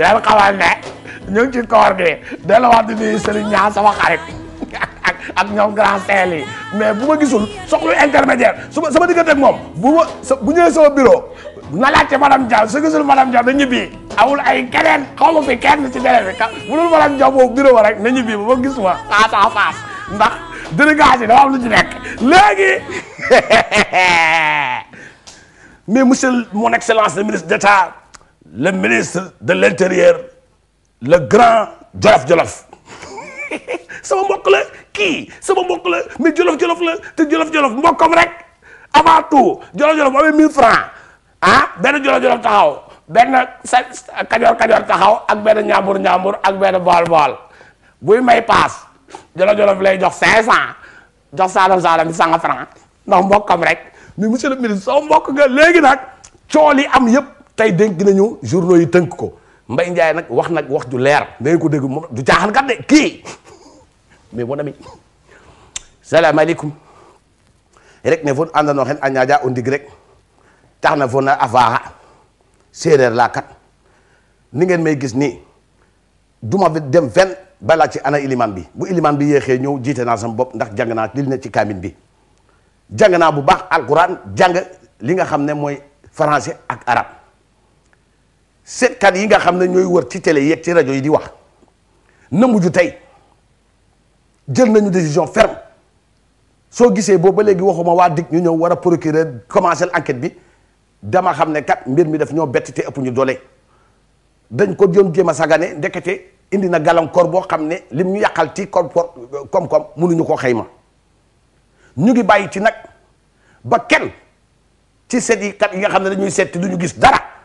del xamal ne ñu ngi ci koor gi delluwaat di nuyu Serigne Niang sama xarit ak ak ñoom grand seel mais bu ma gisul soxlu intermédiaire su ma sama diggante ak moom bu ma bu ñëwee sama na laajte madame Diaw su gisul madame Diaw na ñibbi awul ay keneen xaw ma fi kenn ci délai bi ka bu dul madame Diaw boobu bureau ba rek na ñibbi bo ma gisuma ma face à ndax délégation yi dafa am lu ci nekk léegi mu monsieur mon excellence le ministre d'État le ministre de l'intérieur le grand Jolof Jolof sama mbokk la kii sama mbokk la mais Jolof Jolof la te Jolof Jolof mbokkam rek avant tout Jolof Jolof amee 1000 francs ah benn Jolof Jolof taxaw benn sa Kajoor Kajoor taxaw ak benn Njàmbur Njàmbur ak benn Bool Bool buy may paas Jolof Jolof lay jox 500 jox Saalum Saalum 100 francs ndax mbokkam rek mais monsieur le ministre sama mbokk nga léegi nag cool yi am yëpp. tey dénk nañu journaux yi tënk ko Mbaye Ndiaye nag wax nag wax ju leer da ngeen ko dégg moom du caaxaan kat de kii mais bon ami salaamaaleykum rek ne fon àndanoo xen a ñaaja tax na fona a faaxa séeréer laa ni ngeen may gis nii duma dem fen balaa ci ana iliman bi bu iliman bi yéexee ñëw jiite naa sama bopp ndax jàng naa li ne ci kaamin bi jàng naa bu baax alquran jàng li nga xam ne mooy français ak arab seetkat yi nga xam ne ñooy wër ci télé yeeg ci rajo yi di wax na mujj tey jël nañu décision ferme soo gisee boobu ba léegi waxuma waa DIC ñu ñëw war a procureur commencé enquête bi dama xam ne kat mbir mi daf ñoo bett te ëpp ñu doole dañ ko doon jéem a sagane ndekete indi na gàllankoor boo xam ne lim ñu yàqal ci koom-koom mënuñu ko xayma ñu ngi bàyyi ci nag ba kenn ci seet yi kat yi nga xam ne dañuy seet lu ñu gis dara.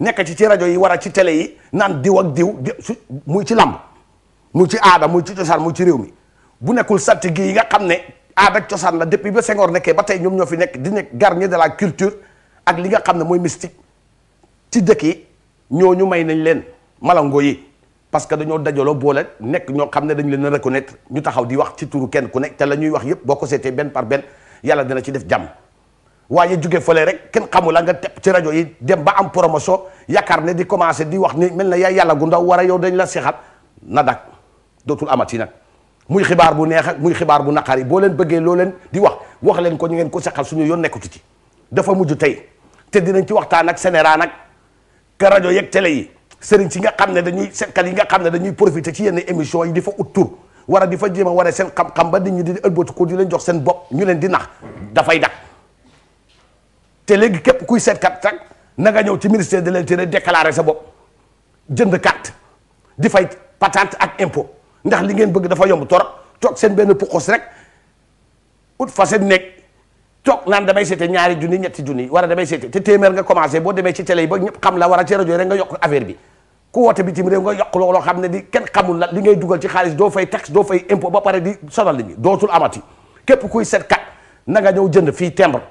nekk ci ci rajo yi war a ci télé yi naan diw ak diw su muy ci làmb muy ci aada muy ci cosaan muy ci réew mi bu nekkul satti gi yi nga xam ne aada ak cosaan la depuis ba Senghor nekkee ba tey ñoom ñoo fi nekk di nekk gardien de la culture ak li nga xam ne mooy mystique ci dëkk yi ñooñu may nañ leen malango yi parce que dañoo dajaloo boole nekk ñoo xam ne dañ leen a reconnaître ñu taxaw di wax ci turu kenn ku nekk te la ñuy wax yépp boo ko seetee benn par benn yàlla dina ci def jàmm waaye jóge fële rek kenn xamul la nga teb ci rajo yi dem ba am promotion yaakaar ne di commencé di wax ni mel na yaay yàlla gu ndaw war a yow dañ la seexal na dak dootul amati nag muy xibaar bu neex ak muy xibaar bu naqari boo leen bëggee loo leen di wax wax leen ko ñu ngeen ko seqal suñu yoon nekkutu ci dafa mujj tey te dinañ ci waxtaan ak sénéra nag ka rajo yeeg télé yi sëriñ si nga xam ne dañuy seetkat yi nga xam ne dañuy profité ci yenn émission yi di fa ut tur war fa jéem a wane seen xam ba nit ñi di ëlbatiku di leen jox seen bopp ñu leen di nax dafay dak te léegi képp kuy seet kat sax na nga ñëw ci ministère de l'intérieur déclarer sa bopp jënd carte di fay patant ak impôt ndax li ngeen bëgg dafa yomb torop toog seen benn puqus rek ut fa seen nekk toog naan damay seete ñaari junni ñetti junni war a damay seete te téeméer nga commencé boo demee ci télé yi ba ñëpp xam la war a ci rajo rek nga yokk affaire bi ku woote bitim réew nga yokk looloo xam ne di kenn xamul la li ngay dugal ci xaalis doo fay taxe doo fay impôt ba pare di sonal li ñu dootul amati képp kuy seet kat na nga jënd fii timbre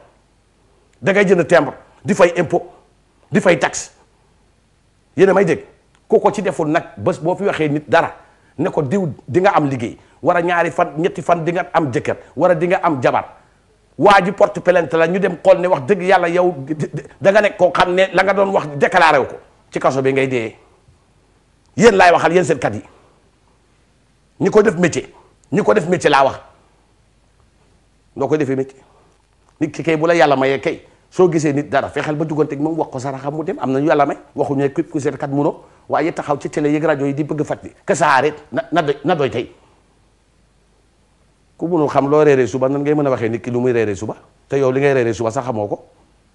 dangay ngay jënd timbre di fay impôt di fay taxe yéen a may dégg ku ko ci deful nag bés boo fi waxee nit dara ne ko diw di nga am liggéey war a ñaari fan ñetti fan dinga am jëkkër war a di am jabar waa ji porte plainte la ñu dem xool ne wax dëgg yàlla yow da nga nekk koo xam ne la nga doon wax déclaré ko ci kaso bi ngay dee yéen laay waxal yéen seen kat yi ñi ko def métier ñi ko def métier laa wax noo koy defee métier. nit ki kay bu la yàlla mayee kay soo gisee nit dara fexeel ba juganteeg moom wax ko sara xam mu dem am nañu yàlla may waxuñu ne képp ku seet kat munoo waaye taxaw ci télé yeeg rajo yi di bëgg fat bi ke saaret na na doy na doy tey ku munul xam loo reeree suba nan ngay mën a waxee nit ki lu muy reeree suba te yow li ngay reeree suba sax xamoo ko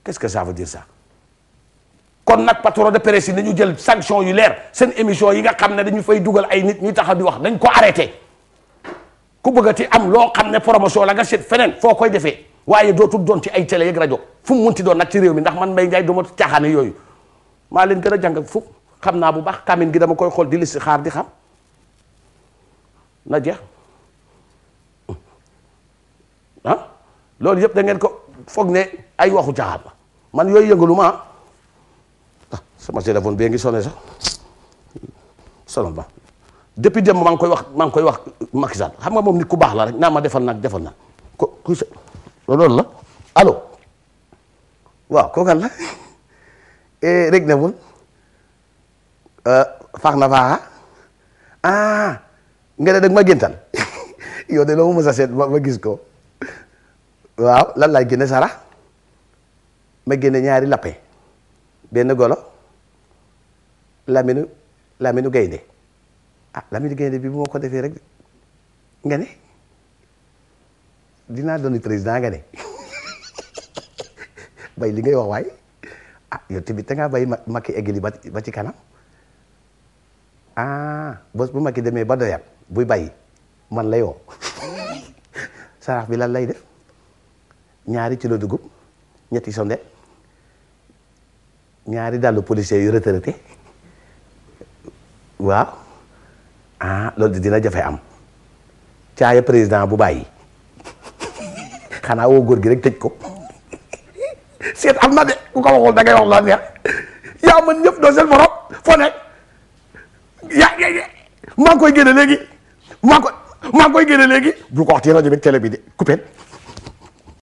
qu'est-ce que ça veut dire kon nag patron de presse yi nañu jël sanction yu leer seen émission yi nga xam ne dañu fay dugal ay nit ñuy taxaw di wax dañ ko arrêté ku bëggati am loo xam ne promotion la nga seet feneen foo koy defee waaye dootul doon ci ay télé yeeg rajo fu mu munti doon nag ci réew mi ndax man Mbaye Ndiaye du ma caaxaane yooyu maa leen gën a jàng fu xam naa bu baax kamin gi dama koy xool di lisi xaar di xam na jeex ah loolu yëpp da ngeen ko foog ne ay waxu caaxaan man yooyu yëngalu ma ah. ah sama téléphone bee ngi sonné sax sonal ba depuis démb maa ngi koy wax maa ngi koy wax Macky Sall xam nga moom nit ku baax la rek naa ma defal nag defal na loolu la alo waaw kookan la eh, rek na mun euh, faax na faaxa ah nga ne dag ma géntal yow de loo ma mës a ma gis ko waaw lan laay génne sara ma génne ñaari lappe benn golo laminu laminu gaynde a ah laminu gaynde bi bu ma ko defee rek nga dinaa doon président nga de bay li ngay wax waay ah yow tamit da ngaa bay makki eggali ba ba ci kanam ah bos bu Macky demee ba doyal buy bay man la yoo sarax bi lan lay def ñaari kilo dugub ñetti sonde ñaari dàllu policier yu retraité waaw ah loolu dina jafe am caaya président bu bàyyi xanaa woo góor gi rek tëj ko seet am na de ku ko waxul da ngay wax la neex yaa mën ñëpp doo seen borom foo nekk yaa maa ngi koy génne léegi maa ngi koy maa ngi koy génne léegi bu ko wax ci rajo bi télé bi de coupé